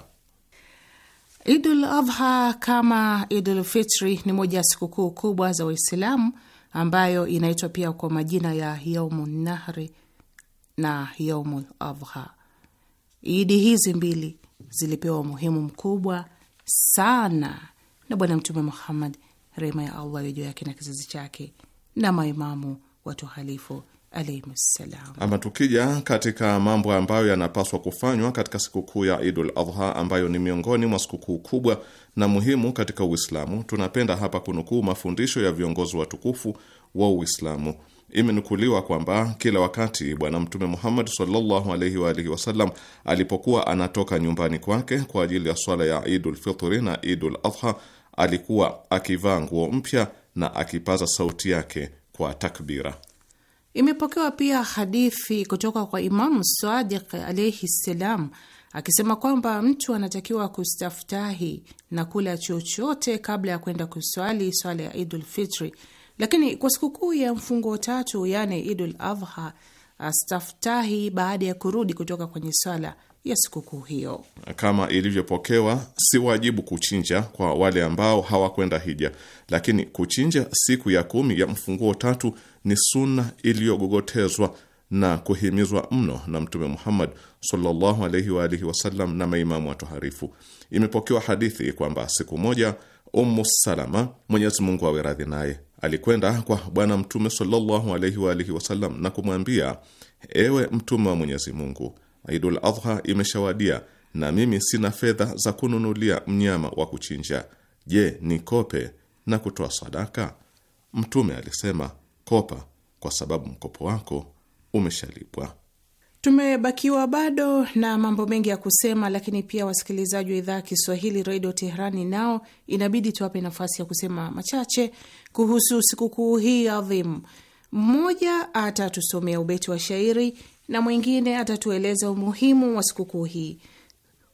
S5: Idul Adha kama Idul Fitri ni moja ya sikukuu kubwa za Waislamu ambayo inaitwa pia kwa majina ya Yaumu Nahri na yaumu Adha. Idi hizi mbili zilipewa umuhimu mkubwa sana na Bwana Mtume Muhammad, rehma ya Allah juu yake na kizazi chake, na maimamu halifu alaihi
S3: Ama tukija katika mambo ambayo yanapaswa kufanywa katika sikukuu ya Idul Adha ambayo ni miongoni mwa sikukuu kubwa na muhimu katika Uislamu, tunapenda hapa kunukuu mafundisho ya viongozi watukufu wa Uislamu. Imenukuliwa kwamba kila wakati Bwana Mtume Muhammad sallallahu alaihi wa alihi wasallam alipokuwa anatoka nyumbani kwake kwa ajili ya swala ya Idul Fitri na Idul Adha, alikuwa akivaa nguo mpya na akipaza sauti yake kwa takbira.
S5: Imepokewa pia hadithi kutoka kwa Imamu Sadiq alaihi ssalam akisema kwamba mtu anatakiwa kustaftahi na kula chochote kabla ya kwenda kuswali swala ya Idul Fitri, lakini kwa sikukuu ya mfungo tatu, yani Idul Adha, astaftahi baada ya kurudi kutoka kwenye swala ya sikukuu hiyo.
S3: Kama ilivyopokewa, si wajibu kuchinja kwa wale ambao hawakwenda hija, lakini kuchinja siku ya kumi ya mfunguo tatu ni sunna iliyogogotezwa na kuhimizwa mno na Mtume Muhammad sallallahu alaihi wa alihi wasallam na maimamu watoharifu. Imepokewa hadithi kwamba siku moja Umu Salama, Mwenyezi Mungu awe radhi naye, alikwenda kwa Bwana Mtume sallallahu alaihi wa alihi wasallam na kumwambia, ewe Mtume wa Mwenyezi Mungu, Idul Adha imeshawadia na mimi sina fedha za kununulia mnyama wa kuchinja. Je, nikope na kutoa sadaka? Mtume alisema, kopa, kwa sababu mkopo wako umeshalipwa.
S5: Tumebakiwa bado na mambo mengi ya kusema, lakini pia wasikilizaji wa idhaa ya Kiswahili redio Teherani nao inabidi tuwape nafasi ya kusema machache kuhusu sikukuu hii adhimu. Mmoja atatusomea ubeti wa shairi na mwingine atatueleza umuhimu wa sikukuu hii.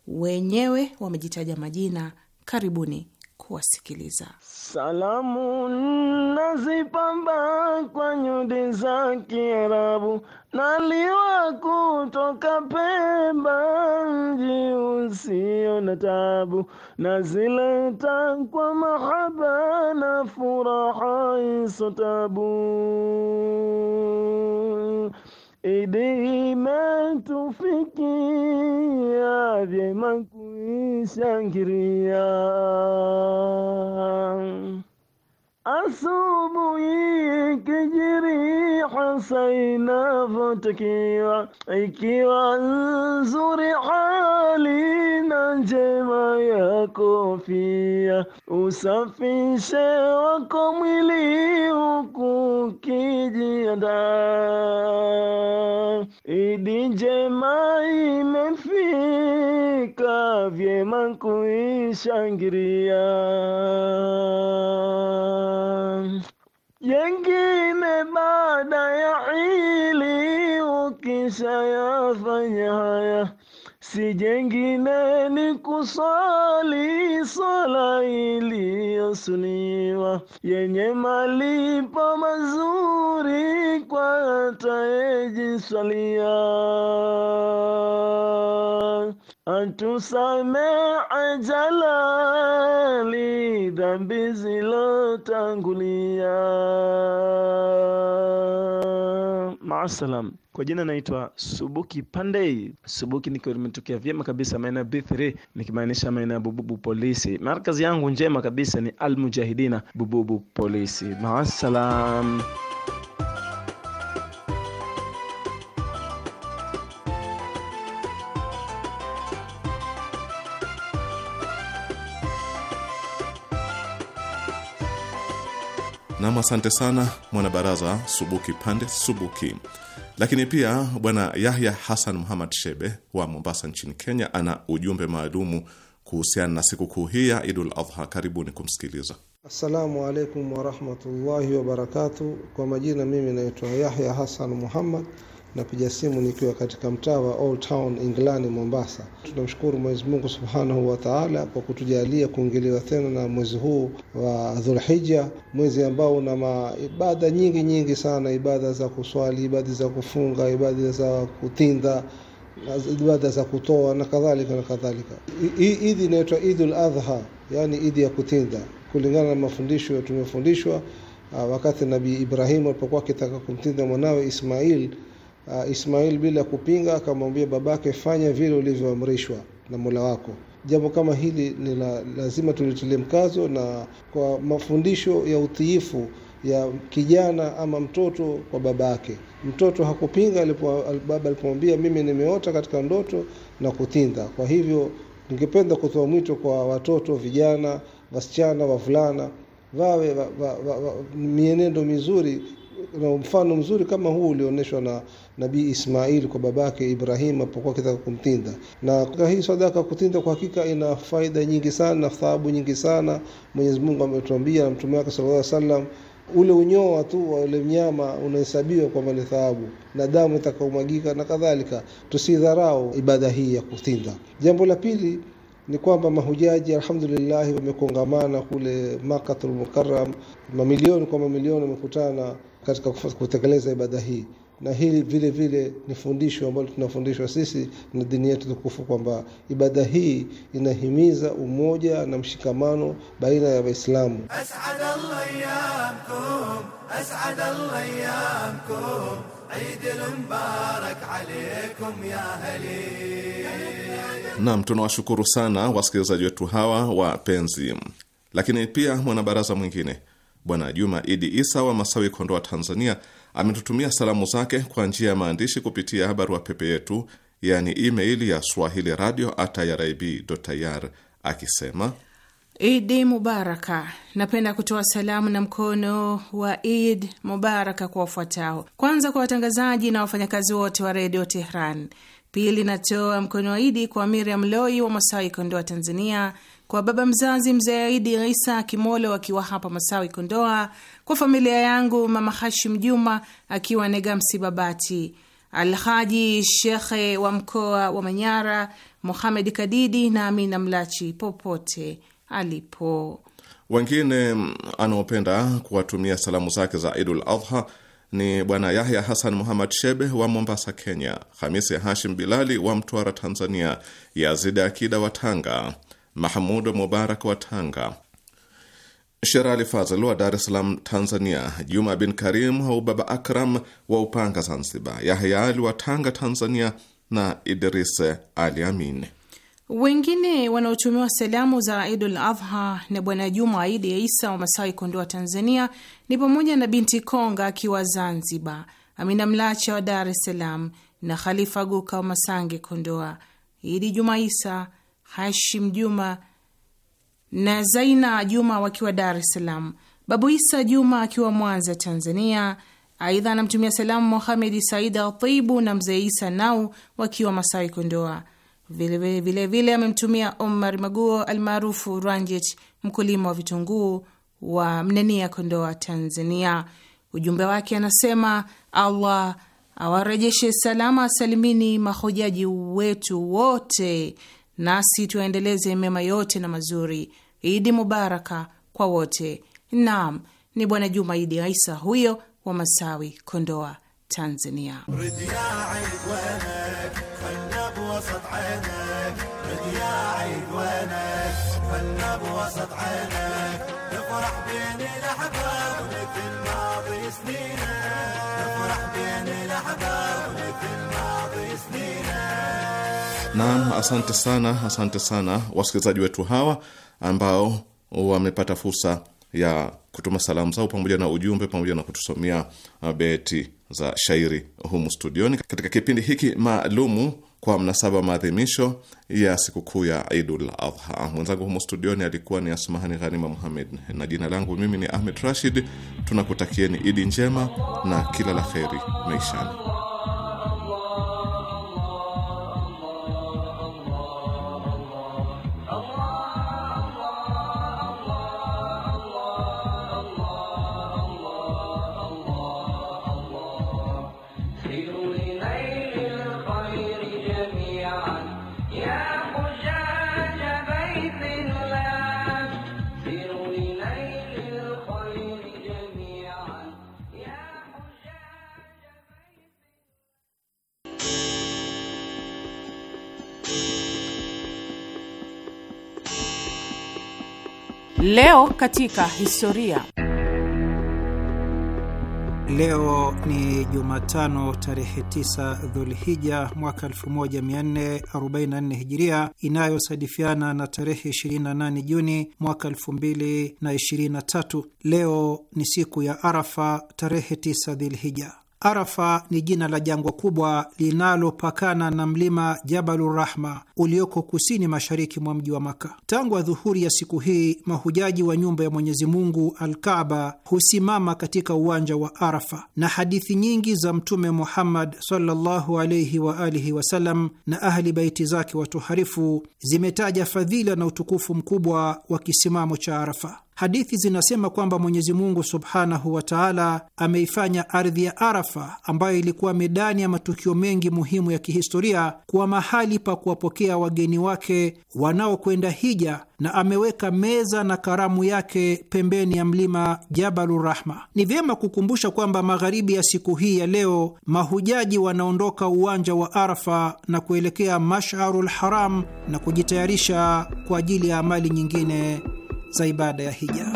S5: Wenyewe wamejitaja majina. Karibuni kuwasikiliza.
S6: Salamu nazipamba kwa nyudi za Kiarabu, naliwa kutoka Pemba, mji usio na tabu, nazileta kwa mahaba na furaha isotabu Idii imetufikia vyema kuishangilia أصوبي كجري حسين فتكيرا إكيرا حالي حالينا يا كوفية أسفي شوكم لي وكوكي جدا إدي جماعي mefika vyema kuishangiria yengine baada ya ili ukisha yafanya haya si jengine ni kusali sala iliyosuniwa yenye malipo mazuri kwa atayejiswalia atusamee ajalali dhambi zilotangulia. Maasalam. Kwa jina naitwa Subuki Pandei. Subuki nikiwa nimetokea vyema kabisa maeneo ya B3 nikimaanisha maeneo ya Bububu Polisi. Markazi yangu njema kabisa ni Almujahidina Bububu Polisi. Maasalam.
S3: Nam, asante sana mwanabaraza Subuki Pande Subuki. Lakini pia bwana Yahya Hasan Muhamad Shebe wa Mombasa nchini Kenya ana ujumbe maalumu kuhusiana na sikukuu hii ya Idul Adha. Karibuni kumsikiliza.
S7: Assalamu alaikum warahmatullahi wabarakatu. Kwa majina mimi naitwa Yahya Hasan Muhammad Napiga simu nikiwa katika mtaa wa Old Town England, Mombasa. Tunamshukuru Mwenyezi Mungu subhanahu wa taala kwa kutujalia kuingiliwa tena na mwezi huu wa Dhulhija, mwezi ambao una maibada nyingi nyingi sana, ibada za kuswali, ibada za kufunga, ibada za kutinda ibada za kutoa na kadhalika na kadhalika. Idi inaitwa Idul Adha, yani idi ya kutinda, kulingana na mafundisho tumefundishwa wakati Nabii Ibrahimu alipokuwa akitaka kumtinda mwanawe Ismail uh, Ismail bila kupinga akamwambia babake, fanya vile ulivyoamrishwa na mula wako. Jambo kama hili ni la, lazima tulitilie mkazo, na kwa mafundisho ya utiifu ya kijana ama mtoto kwa babake. Mtoto hakupinga alipo, baba alipomwambia mimi nimeota katika ndoto na kutinda. Kwa hivyo ningependa kutoa mwito kwa watoto vijana, wasichana, wavulana wawe wa, wa, wa, wa, mienendo mizuri na mfano mzuri kama huu ulioonyeshwa na Nabii Ismail kwa babake Ibrahim apokuwa kitaka kumtinda. Na kwa hii sadaka kutinda kwa hakika ina faida nyingi sana, na thawabu nyingi sana. Mwenyezi Mungu ametuambia na mtume wake sallallahu alaihi wasallam ule unyoa tu wa ule mnyama unahesabiwa kwamba ni thawabu na damu itakaomwagika na kadhalika. Tusidharau ibada hii ya kutinda. Jambo la pili ni kwamba mahujaji alhamdulillah wamekongamana kule Makatul Mukarram, mamilioni kwa mamilioni wamekutana katika kutekeleza ibada hii na hili vile vile ni fundisho ambalo tunafundishwa sisi na dini yetu tukufu kwamba ibada hii inahimiza umoja na mshikamano baina ya Waislamu.
S3: Naam, tunawashukuru sana wasikilizaji wetu hawa wapenzi, lakini pia mwanabaraza mwingine Bwana Juma Idi Isa wa Masawi, Kondoa, Tanzania ametutumia salamu zake kwa njia ya maandishi kupitia barua pepe yetu, yaani email ya swahili radio irib.ir akisema
S5: Idi Mubaraka, napenda kutoa salamu na mkono wa Idi Mubaraka kwa wafuatao. Kwanza kwa watangazaji na wafanyakazi wote wa redio Tehran. Pili, natoa mkono wa Idi kwa Miriam Loi wa Masawi, Kondoa, Tanzania kwa baba mzazi mzee Aidi Risa Kimolo akiwa hapa Masawi, Kondoa, kwa familia yangu mama Hashim Juma akiwa Negamsi Babati, Alhaji Shekhe wa mkoa wa Manyara Muhamed Kadidi na Amina Mlachi popote alipo.
S3: Wengine mm, anaopenda kuwatumia salamu zake za Idul Adha ni Bwana Yahya Hasan Muhammad Shebe wa Mombasa, Kenya, Hamisi Hashim Bilali wa Mtwara, Tanzania, Yazida Akida wa Tanga, Mahmud Mubarak wa Tanga, Sherali Fazl wa Dar es Salaam, Tanzania, Juma bin Karim wa Baba Akram wa Upanga, Zanzibar, Yahya Ali wa Tanga, Tanzania na Idris Ali Amin.
S5: Wengine wanaotumiwa salamu za Idul Adha na Bwana Juma Aidi ya Isa wa Masai, Kondoa, Tanzania ni pamoja na binti Konga akiwa Zanzibar, Amina Mlacha wa Dar es Salaam na Khalifa Guka wa Masange, Kondoa, Idi Juma Isa Hashim Juma na Zaina Juma wakiwa Dar es Salaam, Babu Isa Juma akiwa Mwanza, Tanzania. Aidha anamtumia salamu Mohamedi saidi Athibu na mzee Isa Nau wakiwa Masawi, Kondoa. Vilevile vile, vile, amemtumia Omar Maguo almaarufu Ranjit, mkulima wa vitunguu wa Mnenia, Kondoa, Tanzania. Ujumbe wake anasema Allah awarejeshe salama salimini mahojaji wetu wote nasi tuyaendeleze mema yote na mazuri. Idi mubaraka kwa wote. Naam, ni Bwana Juma Idi Aisa huyo wa Masawi, Kondoa, Tanzania.
S3: Naam, asante sana, asante sana wasikilizaji wetu hawa ambao wamepata fursa ya kutuma salamu zao pamoja na ujumbe pamoja na kutusomea uh, beti za shairi humu studioni katika kipindi hiki maalumu kwa mnasaba maadhimisho ya sikukuu ya Idul Adha. Mwenzangu humu studioni alikuwa ni Asmahani Ghanima Muhamed na jina langu mimi ni Ahmed Rashid. Tunakutakieni Idi njema na kila la kheri maishani.
S5: Leo katika historia.
S8: Leo ni Jumatano tarehe 9 Dhulhija mwaka 1444 Hijiria, inayosadifiana na tarehe 28 Juni mwaka 2023. Leo ni siku ya Arafa, tarehe 9 Dhulhija. Arafa ni jina la jangwa kubwa linalopakana na mlima Jabalurrahma ulioko kusini mashariki mwa mji wa Maka. Tangu adhuhuri ya siku hii, mahujaji wa nyumba ya Mwenyezi Mungu Alkaaba husimama katika uwanja wa Arafa, na hadithi nyingi za Mtume Muhammad sallallahu alaihi wa alihi wasallam na ahli baiti zake watoharifu zimetaja fadhila na utukufu mkubwa wa kisimamo cha Arafa. Hadithi zinasema kwamba Mwenyezi Mungu subhanahu wa taala ameifanya ardhi ya Arafa, ambayo ilikuwa medani ya matukio mengi muhimu ya kihistoria, kuwa mahali pa kuwapokea wageni wake wanaokwenda hija, na ameweka meza na karamu yake pembeni ya mlima Rahma. Ni vyema kukumbusha kwamba magharibi ya siku hii ya leo mahujaji wanaondoka uwanja wa Arafa na kuelekea Masharul Haram na kujitayarisha kwa ajili ya amali nyingine za ibada ya hija.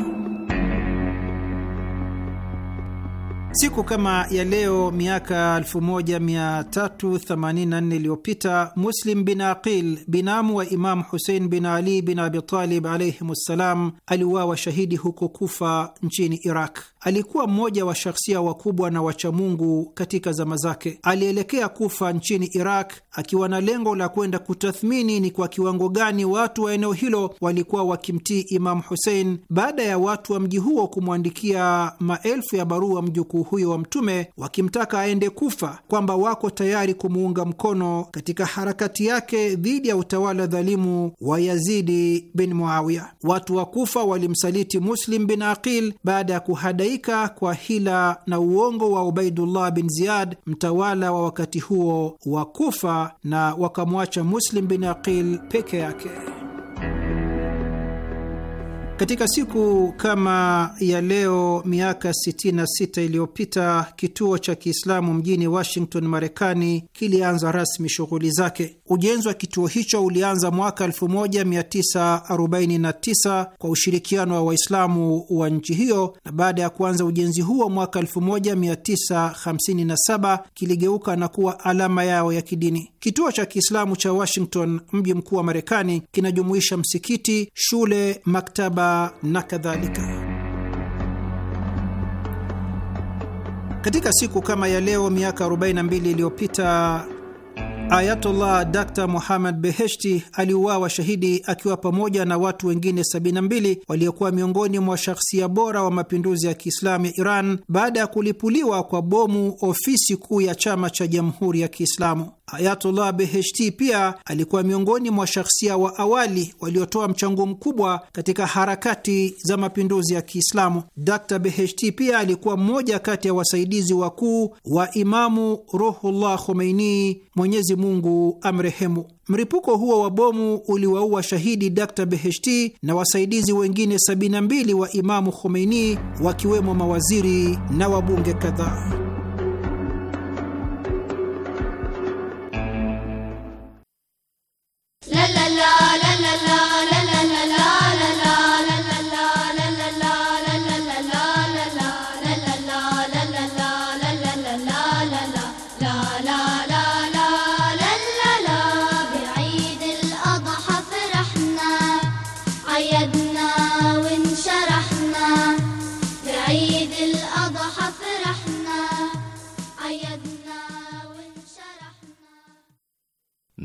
S8: Siku kama ya leo miaka 1384 iliyopita Muslim bin Aqil binamu wa Imamu Husein bin Ali bin Abitalib alaihim ssalam aliuawa shahidi huko Kufa nchini Iraq alikuwa mmoja wa shakhsia wakubwa na wachamungu katika zama zake. Alielekea Kufa nchini Iraq akiwa na lengo la kwenda kutathmini ni kwa kiwango gani watu wa eneo hilo walikuwa wakimtii Imamu Husein baada ya watu wa mji huo kumwandikia maelfu ya barua mjukuu huyo wa Mtume wakimtaka aende Kufa, kwamba wako tayari kumuunga mkono katika harakati yake dhidi ya utawala dhalimu wa Yazidi bin Muawiya. Watu wa Kufa walimsaliti Muslim bin Aqil baada ya kuhada kufadhaika kwa hila na uongo wa Ubaidullah bin Ziyad, mtawala wa wakati huo wa Kufa, na wakamwacha Muslim bin Aqil peke yake. Katika siku kama ya leo miaka 66 iliyopita kituo cha Kiislamu mjini Washington, Marekani kilianza rasmi shughuli zake. Ujenzi wa kituo hicho ulianza mwaka 1949 kwa ushirikiano wa Waislamu wa nchi hiyo, na baada ya kuanza ujenzi huo mwaka 1957 kiligeuka na kuwa alama yao ya kidini. Kituo cha Kiislamu cha Washington, mji mkuu wa Marekani, kinajumuisha msikiti, shule, maktaba na kadhalika. Katika siku kama ya leo miaka 42 iliyopita Ayatullah Dr Muhammad Beheshti aliuawa shahidi akiwa pamoja na watu wengine 72 waliokuwa miongoni mwa shakhsia bora wa mapinduzi ya Kiislamu ya Iran baada ya kulipuliwa kwa bomu ofisi kuu ya chama cha Jamhuri ya Kiislamu. Ayatullah Beheshti pia alikuwa miongoni mwa shakhsia wa awali waliotoa mchango mkubwa katika harakati za mapinduzi ya Kiislamu. Dr Beheshti pia alikuwa mmoja kati ya wasaidizi wakuu wa Imamu Ruhullah Khomeini, Mwenyezi Mungu amrehemu. Mripuko huo wa bomu uliwaua shahidi Dr Beheshti na wasaidizi wengine 72 wa Imamu Khomeini, wakiwemo mawaziri na wabunge kadhaa.
S4: la la